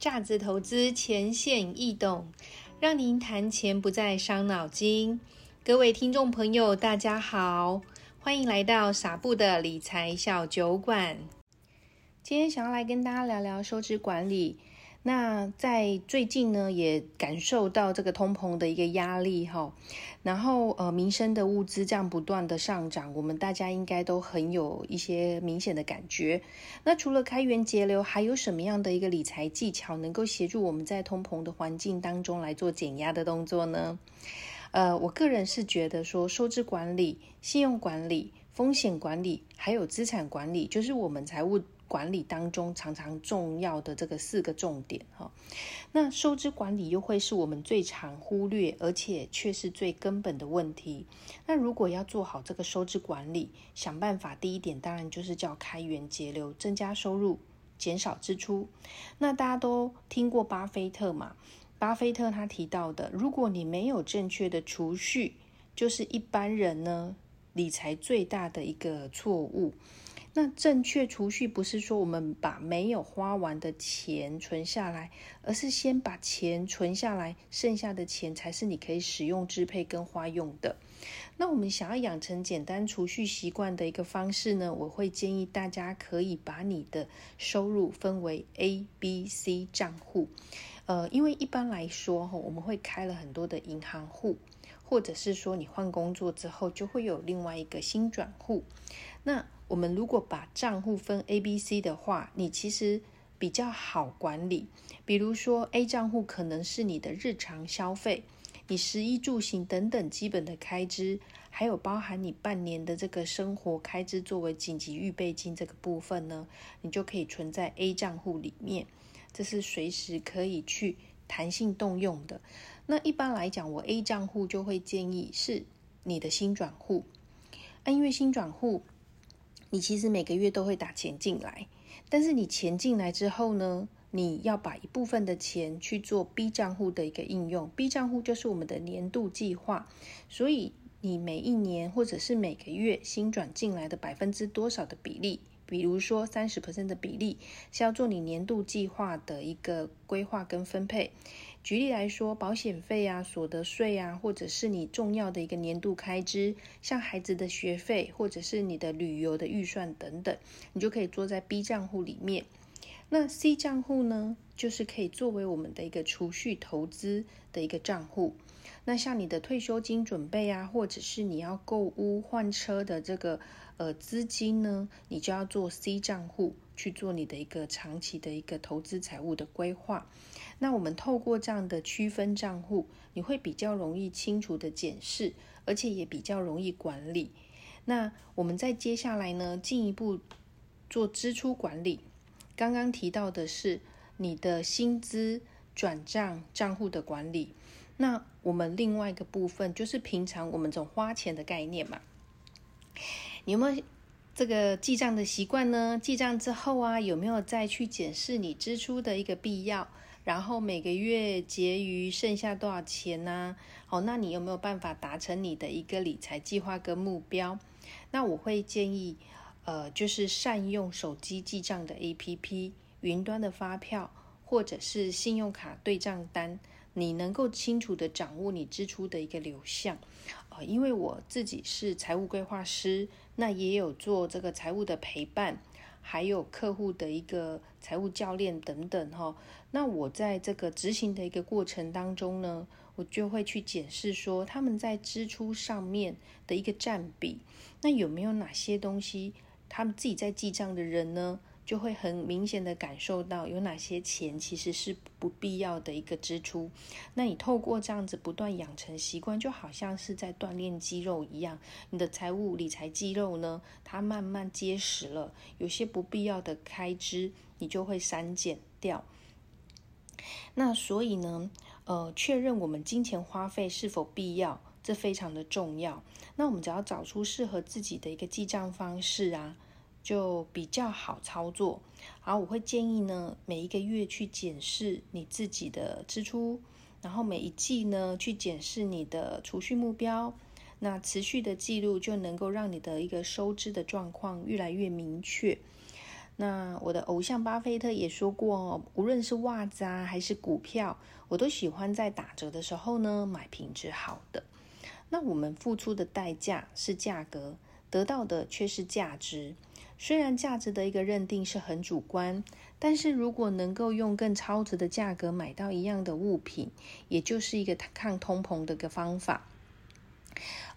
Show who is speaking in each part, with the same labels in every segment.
Speaker 1: 詐資投資淺顯易懂，讓您談錢不再傷腦筋。各位聽眾朋友，大家好，歡迎來到撒布的理財小酒館。今天想要來跟大家聊聊收支管理。那在最近呢，也感受到這個通膨的一個壓力哈，然後呃民生的物資這樣不斷的上漲，我們大家應該都很有一些明顯的感覺。那除了開源節流，還有什麼樣的一個理財技巧能夠協助我們在通膨的環境當中來做減壓的動作呢？呃，我個人是覺得說，收支管理、信用管理、風險管理，還有資產管理，就是我們財務。管理當中常常重要的這個四個重點哈，那收支管理又會是我們最常忽略，而且卻是最根本的問題。那如果要做好這個收支管理，想辦法，第一點當然就是叫開源節流，增加收入，減少支出。那大家都聽過巴菲特嘛？巴菲特他提到的，如果你沒有正確的儲蓄，就是一般人呢理財最大的一個錯誤。那正確儲蓄不是說我們把沒有花完的錢存下來，而是先把錢存下來，剩下的錢才是你可以使用支配跟花用的。那我們想要養成簡單儲蓄習慣的一個方式呢，我會建議大家可以把你的收入分為 A、B、C 賬戶，呃，因為一般來說哈、哦，我們會開了很多的銀行戶，或者是說你換工作之後就會有另外一個新轉戶，那。我們如果把賬戶分 A、B、C 的話，你其實比較好管理。比如說 A 賬戶可能是你的日常消費，你食衣住行等等基本的開支，還有包含你半年的這個生活開支作為緊急預備金這個部分呢，你就可以存在 A 賬戶裡面，這是隨時可以去彈性動用的。那一般來講，我 A 賬戶就會建議是你的薪轉戶，因為薪轉戶。你其實每個月都會打錢進來，但是你錢進來之後呢，你要把一部分的錢去做 B 賬戶的一個應用。B 賬戶就是我們的年度計劃，所以你每一年或者是每個月新轉進來的百分之多少的比例，比如說三十 percent 的比例，是要做你年度計劃的一個規劃跟分配。舉例來說，保險費啊、所得稅啊，或者是你重要的一個年度開支，像孩子的學費，或者是你的旅遊的預算等等，你就可以做在 B 賬戶裡面。那 C 賬戶呢，就是可以作為我們的一個儲蓄投資的一個賬戶。那像你的退休金準備啊，或者是你要購屋換車的這個呃資金呢，你就要做 C 賬戶。去做你的一個長期的一個投資財務的規劃，那我們透過這樣的區分賬戶你會比較容易清楚的檢視，而且也比較容易管理。那我們再接下來呢，進一步做支出管理。剛剛提到的是你的薪資轉賬賬戶的管理，那我們另外一個部分就是平常我們這種花錢的概念嘛，你有沒有？這個記賬的習慣呢？記賬之後啊，有沒有再去檢視你支出的一個必要？然後每個月結餘剩下多少錢呢，啊？哦，那你有沒有辦法達成你的一個理財計劃跟目標？那我會建議，呃，就是善用手機記賬的 APP、雲端的發票或者是信用卡對賬單。你能夠清楚的掌握你支出的一個流向，啊，因為我自己是財務規劃師，那也有做這個財務的陪伴，還有客戶的一個財務教練等等哈。那我在這個執行的一個過程當中呢，我就會去檢視說他們在支出上面的一個佔比，那有沒有哪些東西他們自己在記賬的人呢？就會很明顯的感受到有哪些錢其實是不必要的一個支出。那你透過這樣子不斷養成習慣，就好像是在鍛鍊肌肉一樣，你的財務理財肌肉呢，它慢慢結實了。有些不必要的開支，你就會刪減掉。那所以呢，呃，確認我們金錢花費是否必要，這非常的重要。那我們只要找出適合自己的一個記賬方式啊。就比較好操作好。然後我會建議呢，每一個月去檢視你自己的支出，然後每一季呢去檢視你的儲蓄目標，那持續的記錄就能夠讓你的一個收支的狀況越來越明確。那我的偶像巴菲特也說過，無論是襪子啊還是股票，我都喜歡在打折的時候呢買品質好的。那我們付出的代價是價格，得到的却是價值。雖然價值的一個認定是很主觀，但是如果能夠用更超值的價格買到一樣的物品，也就是一個抗通膨的一個方法。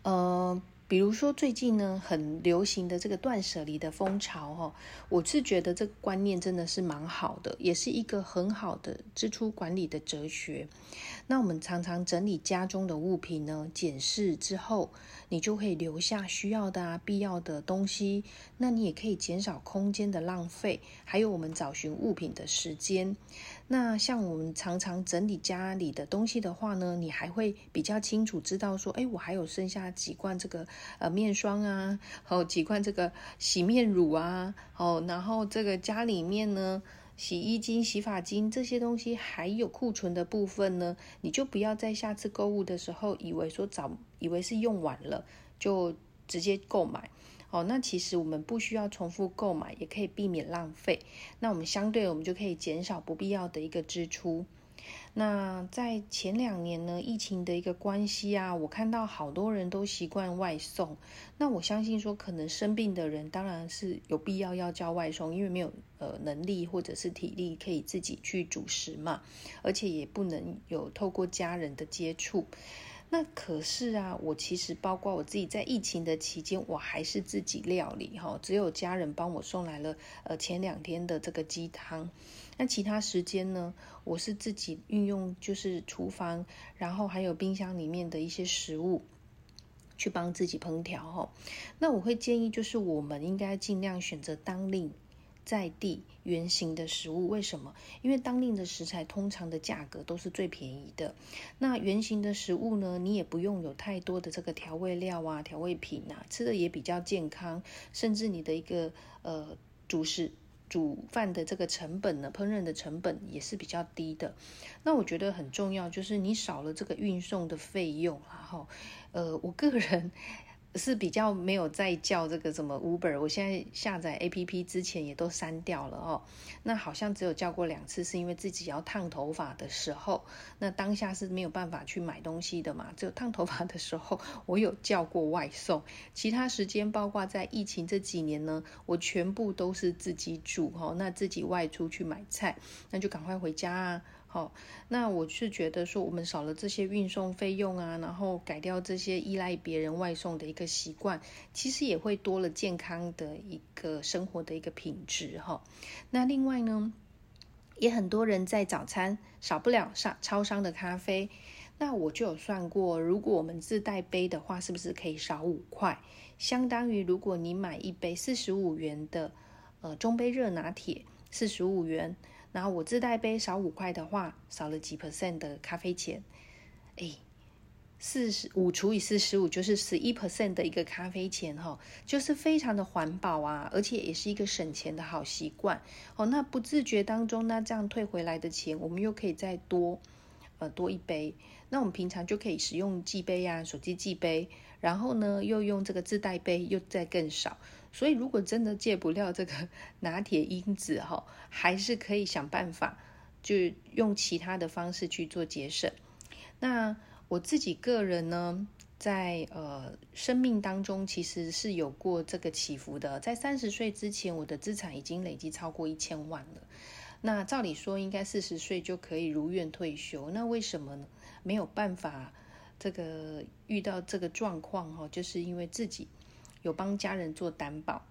Speaker 1: 呃。比如說最近呢很流行的這個斷舍離的風潮哦，我是覺得這個觀念真的是蠻好的，也是一個很好的支出管理的哲學。那我們常常整理家中的物品呢，檢視之後，你就可以留下需要的啊、必要的東西，那你也可以減少空間的浪費，還有我們找尋物品的時間。那像我們常常整理家裡的東西的話呢，你還會比較清楚知道說，哎，我還有剩下幾罐這個呃面霜啊，還有幾罐這個洗面乳啊，哦，然後這個家裡面呢，洗衣精、洗髮精這些東西還有庫存的部分呢，你就不要在下次購物的時候以為說早以為是用完了就直接購買。哦，那其實我們不需要重複購買，也可以避免浪費。那我們相對，我們就可以減少不必要的一個支出。那在前兩年呢，疫情的一個關係啊，我看到好多人都習慣外送。那我相信說，可能生病的人當然是有必要要叫外送，因為沒有呃能力或者是體力可以自己去煮食嘛，而且也不能有透過家人的接觸。那可是啊，我其實包括我自己在疫情的期間，我還是自己料理哈、哦，只有家人幫我送來了，呃，前兩天的這個雞湯。那其他時間呢，我是自己運用就是廚房，然後還有冰箱裡面的一些食物，去幫自己烹調哦。那我會建議就是我們應該儘量選擇當令。在地原型的食物，為什麼？因為當令的食材通常的價格都是最便宜的。那原型的食物呢？你也不用有太多的這個調味料啊、調味品啊，吃的也比較健康。甚至你的一個呃主食、煮飯的這個成本呢，烹飪的成本也是比較低的。那我覺得很重要，就是你少了這個運送的費用，然後呃，我個人。是比較沒有再叫這個什麼 Uber，我現在下載 APP 之前也都刪掉了哦。那好像只有叫過兩次，是因為自己要燙頭髮的時候，那當下是沒有辦法去買東西的嘛。只有燙頭髮的時候，我有叫過外送。其他時間，包括在疫情這幾年呢，我全部都是自己煮哦，那自己外出去買菜，那就趕快回家啊。好，那我是覺得說，我們少了這些運送費用啊，然後改掉這些依賴別人外送的一個習慣，其實也會多了健康的一個生活的一個品質哈。那另外呢，也很多人在早餐少不了超商的咖啡，那我就有算過，如果我們自帶杯的話，是不是可以少五塊？相當於如果你買一杯四十五元的呃中杯熱拿鐵，四十五元。然後我自帶一杯少五塊的話，少了幾 percent 的咖啡錢，哎，四十五除以四十五就是十一 percent 的一個咖啡錢哈，就是非常的環保啊，而且也是一個省錢的好習慣哦。那不自覺當中，那這樣退回來的錢，我們又可以再多，呃，多一杯。那我們平常就可以使用寄杯啊，手機寄杯，然後呢，又用這個自帶杯，又再更少。所以如果真的戒不掉這個拿鐵因子哈，還是可以想辦法，就用其他的方式去做節省。那我自己個人呢，在呃生命當中，其實是有過這個起伏的。在三十歲之前，我的資產已經累積超過一千萬了。那照理說應該四十歲就可以如願退休，那為什麼呢？沒有辦法，這個遇到這個狀況哈、哦，就是因為自己有幫家人做擔保，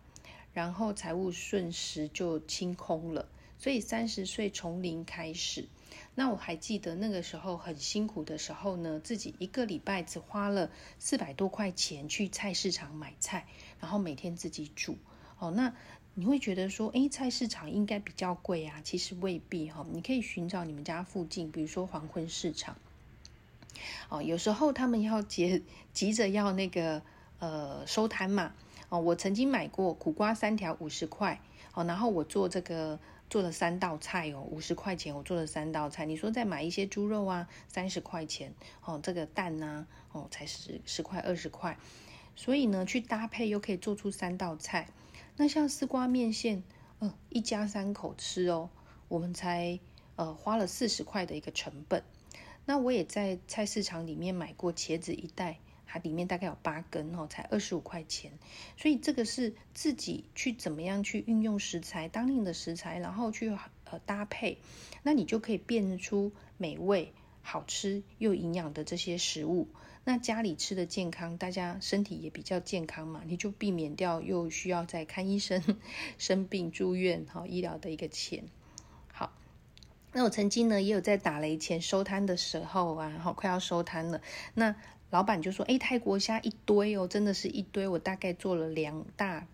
Speaker 1: 然後財務瞬時就清空了。所以三十歲從零開始，那我還記得那個時候很辛苦的時候呢，自己一個禮拜只花了四百多塊錢去菜市場買菜，然後每天自己煮。哦，那。你會覺得說，哎，菜市場應該比較貴啊？其實未必哈、哦，你可以尋找你們家附近，比如說黃昏市場。哦，有時候他們要急急着要那個呃收攤嘛。哦，我曾經買過苦瓜三條五十塊哦，然後我做這個做了三道菜哦，五十塊錢我做了三道菜。你說再買一些豬肉啊，三十塊錢哦，這個蛋呢、啊、哦才十十塊二十塊，所以呢去搭配又可以做出三道菜。那像絲瓜面線，嗯，一家三口吃哦，我們才呃花了四十塊的一個成本。那我也在菜市場裡面買過茄子一袋，它裡面大概有八根哦，才二十五塊錢。所以這個是自己去怎麼樣去運用食材，當令的食材，然後去呃搭配，那你就可以變出美味。好吃又營養的這些食物，那家裡吃的健康，大家身體也比較健康嘛，你就避免掉又需要再看醫生、生病住院哈醫療的一個錢。好，那我曾經呢也有在打雷前收攤的時候啊，好快要收攤了，那老板就說：“誒、欸，泰國蝦一堆哦，真的是一堆。”我大概做了兩大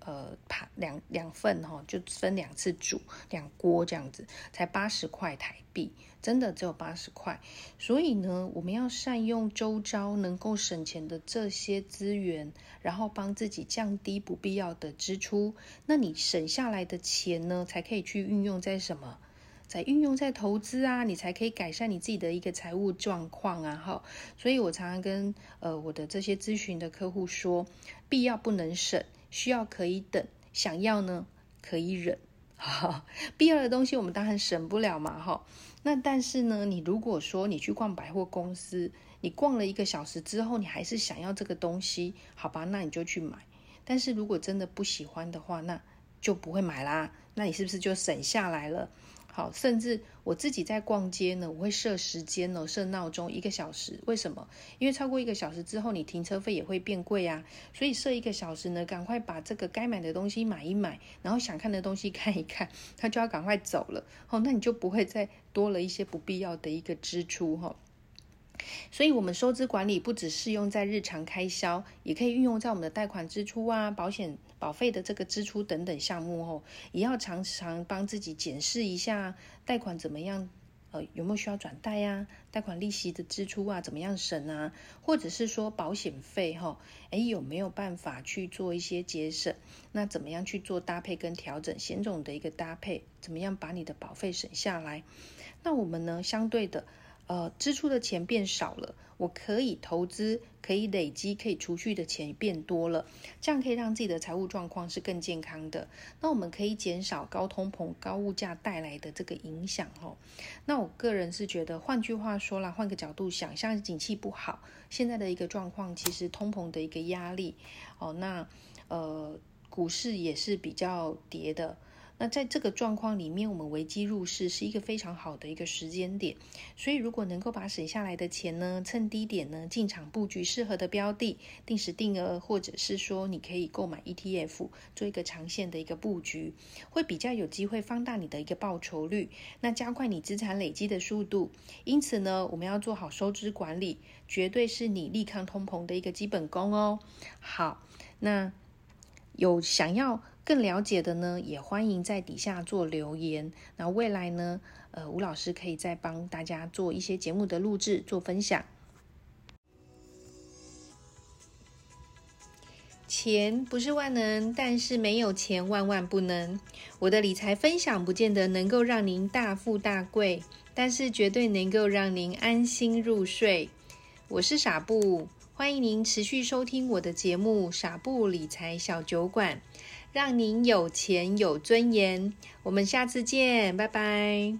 Speaker 1: 呃盤兩兩份哦，就分兩次煮兩鍋這樣子，才八十塊台。比真的只有八十塊，所以呢，我們要善用周遭能夠省錢的這些資源，然後幫自己降低不必要的支出。那你省下來的錢呢，才可以去運用在什麼？在運用在投資啊，你才可以改善你自己的一個財務狀況啊。哈，所以我常常跟呃我的這些諮詢的客戶說，必要不能省，需要可以等，想要呢可以忍。好，必要的東西我們當然省不了嘛，哈。那但是呢，你如果說你去逛百貨公司，你逛了一個小時之後，你還是想要這個東西，好吧？那你就去買。但是如果真的不喜歡的話，那就不會買啦。那你是不是就省下來了？好，甚至我自己在逛街呢，我會設時間呢，設鬧鐘一個小時。為什麼？因為超過一個小時之後，你停車費也會變貴啊。所以設一個小時呢，趕快把這個該買的東西買一買，然後想看的東西看一看，他就要趕快走了。哦，那你就不會再多了一些不必要的一個支出哈。哦所以，我們收支管理不只適用在日常開銷，也可以運用在我們的貸款支出啊、保險保費的這個支出等等項目哦。也要常常幫自己檢視一下貸款怎麼樣，呃，有沒有需要轉貸呀、啊？貸款利息的支出啊，怎麼樣省啊？或者是說保險費哈、哦，哎，有沒有辦法去做一些節省？那怎麼樣去做搭配跟調整險種的一個搭配？怎麼樣把你的保費省下來？那我們呢，相對的。呃，支出的錢變少了，我可以投資、可以累積、可以儲蓄的錢變多了，這樣可以讓自己的財務狀況是更健康的。那我們可以減少高通膨、高物價帶來的這個影響哈、哦。那我個人是覺得，換句話說啦，換個角度想，像景氣不好，現在的一個狀況，其實通膨的一個壓力哦，那呃，股市也是比較跌的。那在這個狀況裡面，我們危機入市是一個非常好的一個時間點，所以如果能夠把省下來的錢呢，趁低點呢進場布局適合的標的，定時定額，或者是說你可以購買 ETF 做一個長線的一個布局，會比較有機會放大你的一個報酬率，那加快你資產累積的速度。因此呢，我們要做好收支管理，絕對是你力抗通膨的一個基本功哦。好，那有想要。更了解的呢，也歡迎在底下做留言。那未來呢，呃，吳老師可以再幫大家做一些節目的錄製、做分享。錢不是萬能，但是沒有錢萬萬不能。我的理財分享不見得能夠讓您大富大貴，但是絕對能夠讓您安心入睡。我是傻布，歡迎您持續收聽我的節目《傻布理財小酒館》。讓您有錢有尊嚴。我們下次見，拜拜。